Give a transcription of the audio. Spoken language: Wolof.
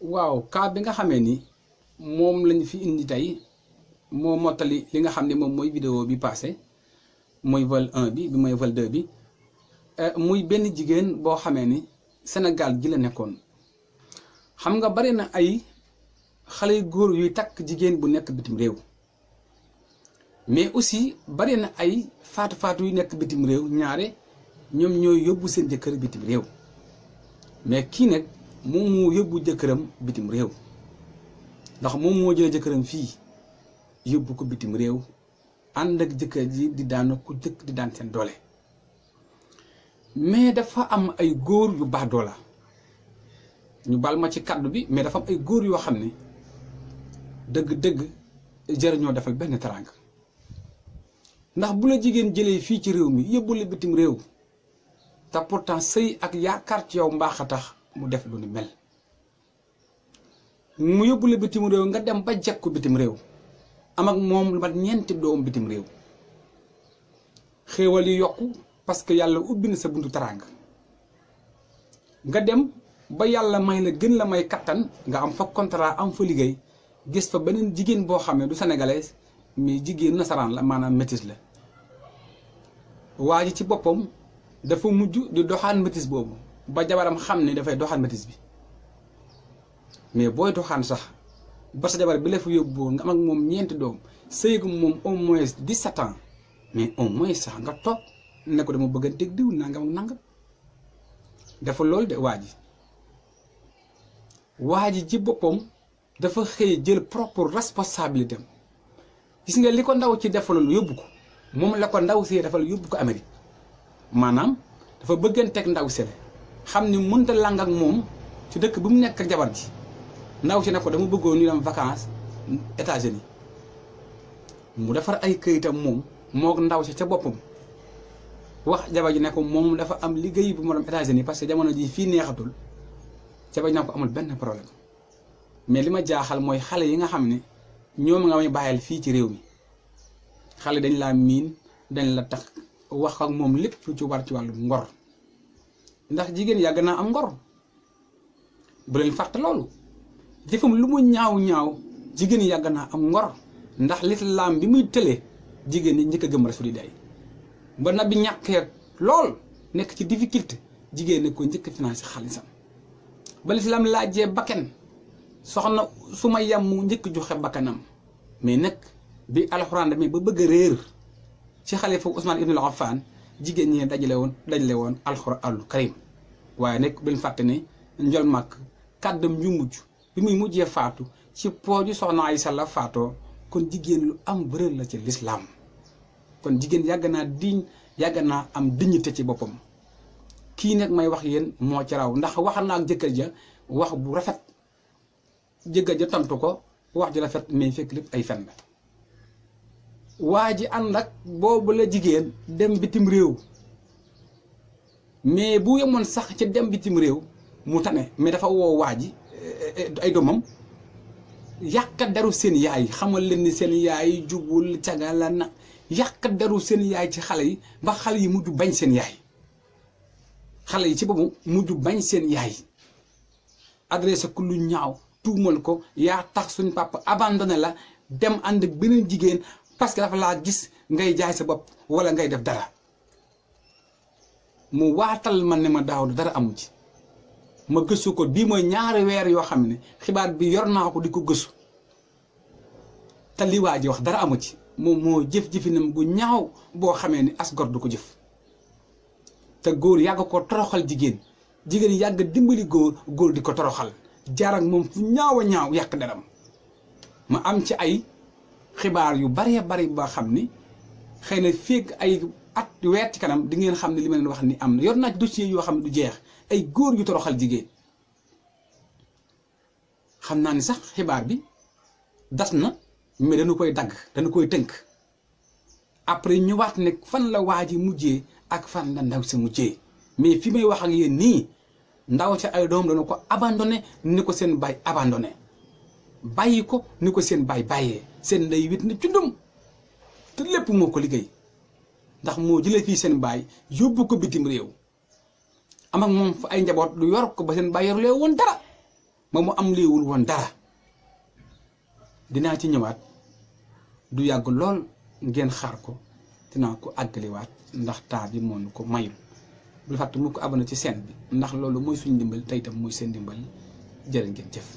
waaw cas bi nga xamee ni moom lañu fi indi tey moo mottali li nga xam ne moom mooy vidéo bi passé mooy vol bi mooy vol 2 bi euh, muy benn jigéen boo xamee ni senegal ji la nekkoon xam nga bari na ay xale yu góor yuy takk jigéen bu nekk bitim réew mais aussi bari na ay faatu-faatu yu nekk bitim réew ñaare ñoom ñooy yóbbu seen jëkkër bitim réew mais kii nag moom moo yóbbu jëkkëram bitim réew ndax moom moo jëlee jëkkëram fii yóbbu ko bitim réew ànd ak jëkkër ji di daan ku jëkk di daan seen doole mais dafa am ay góor yu baadoola ñu baal ma ci kàddu bi mais dafa am ay góor yoo xam ne dëgg-dëgg jëriñoo defal benn teraanga ndax bu la jigéen jëlee fii ci réew mi yóbbu la bitim réew te pourtant sëy ak yaakaar ci yow mbaax a tax mu def lu ni mel mu yóbbu la bitim réew nga dem ba jekku bitim réew am ak moom lu mat ñeenti doom bitim réew xéewal yi yokku parce que yàlla ubbi na sa buntu taraanga nga dem ba yàlla may la gën la may kattan nga am fa contrat am fa liggéey gis fa beneen jigéen boo xam ne du sénégalaise mais jigéen nasaraan la maanaam métis la waa ji ci boppam dafa mujj di doxaan métis boobu ba jabaram xam ne dafay doxaan matis bi mais booy doxaan sax ba sa jabar bi la fa yóbbu nga am ak moom ñeenti doom sëygu moom au moins di sept mais au moins sax nga toog ne ko dama bëgg a dégg diw nangam ak nangam dafa loolu de waa ji waa ji ci boppam dafa xëy jël propre responsabilité am gis nga li ko ndaw ci defaloon yóbbu ko moom la ndaw see defal yóbbu ko Amérique maanaam dafa bëgganteeg ndaw sele xamni ni mënta lang ak mom ci dëkk bu mu nekk ak jabar ji ndaw ci ne dama bëggoon ñu am vacances États-Unis mu defar ay këyitam mom mok ndaw ci ca bopum wax jabar ji mom dafa am liggéey bu mu États-Unis parce que jamono ji fi neexatul ca bañ ne ko amul benn problème mais lima jaaxal moy xalé yi nga xamni ñoom nga may bayal fi ci réew mi xalé dañ la min dañ la tax wax ak mom lepp ci war ci walu ngor ndax jigéen yàgg naa am ngor bu leen fàtte loolu jëfam lu mu ñaaw ñaaw jigéen yàgg naa am ngor ndax lislaam bi muy tële jigéen ñi njëkk a gëm rasulilaay ba na bi ñàkkee lool nekk ci difficulté jigéen ne ko njëkk financé xaalisam ba lislaam laajee bakken soxna su ma yem mu njëkk joxe bakkanam mais nag bi alxuraan demee ba bëgg a réer ci xalifa Usmaan ibnul Affaan jigéen ñi dajale woon dajale woon alxuraanul karim waaye nag buñ fàtte ne njol màkk kàddam yu mujj bi muy mujjee faatu ci pooju soxna Aysa la faatoo kon jigéen lu am bëral la ci lislaam kon jigéen yàgg naa di yàgg naa am diñte ci boppam kii nag may wax yéen moo ci raw ndax wax naa ak jëkkër ja wax bu rafet jëkkër ja tontu ko wax ju rafet mais fekk lépp ay fen la waji andak bobu la jigen dem bitim rew mais bu yemon sax ci dem bitim rew mu tane mais dafa wo waji eh, eh, ay domam yàq daru sen yaay xamal len ni sen yaay jubul cagala na daru sen yaay ci xale yi ba xal yi muju bañ sen yaay xale yi ci bobu muju bañ sen yaay adresse ku lu ñaaw tuumal ko yaa tax suñu papa abandonné la dem and benen jigen parce que dafa la gis ngay jaay sa bop wala ngay def dara mu watal man ne ma daaw dara amu ci ma gessu ko bi moy ñaari yo bi yor naa ko diko gessu ta li waji wax dara amu ci mo mo jëf-jëfinam gu ñaaw bo xamee ni as du ko jëf ta goor yag ko toroxal jigen jigen yag dimbali goor goor diko toroxal jaar ak fu ñaawa ñaaw yak deram ma am ci ay xibaar yu baree bari ba xam ni xëy na feeg ay at weer ci kanam di ngeen xam ne li ma leen wax ni am na yor naa ci dossier yoo xam ne du jeex ay góor yu toroxal jigéen xam naa ni sax xibaar bi das na mais dañu koy dagg dañu koy tënk après ñëwaat ne fan la waa ji mujjee ak fan la ndaw si mujjee mais fi may wax ak yéen nii ndaw si ay doom dañu ko abandonné ni ko seen baay abandonné bàyyi ko ni ko seen baay bàyyee seen ndey wit na cundum te lépp moo ko liggéey ndax moo jëlee fii seen baay yóbbu ko bitim réew am ak moom fa ay njaboot lu yor ko ba seen baay yor woon dara ba mu am leewul woon dara dinaa ci ñëwaat du yàgg lool ngeen xaar ko dinaa ko àggaliwaat ndax temps bi moo ñu ko mayul bul fàtte mu ko abonné ci seen bi ndax loolu mooy suñu ndimbal tey itam mooy seen ndimbal jërë ngeen jëf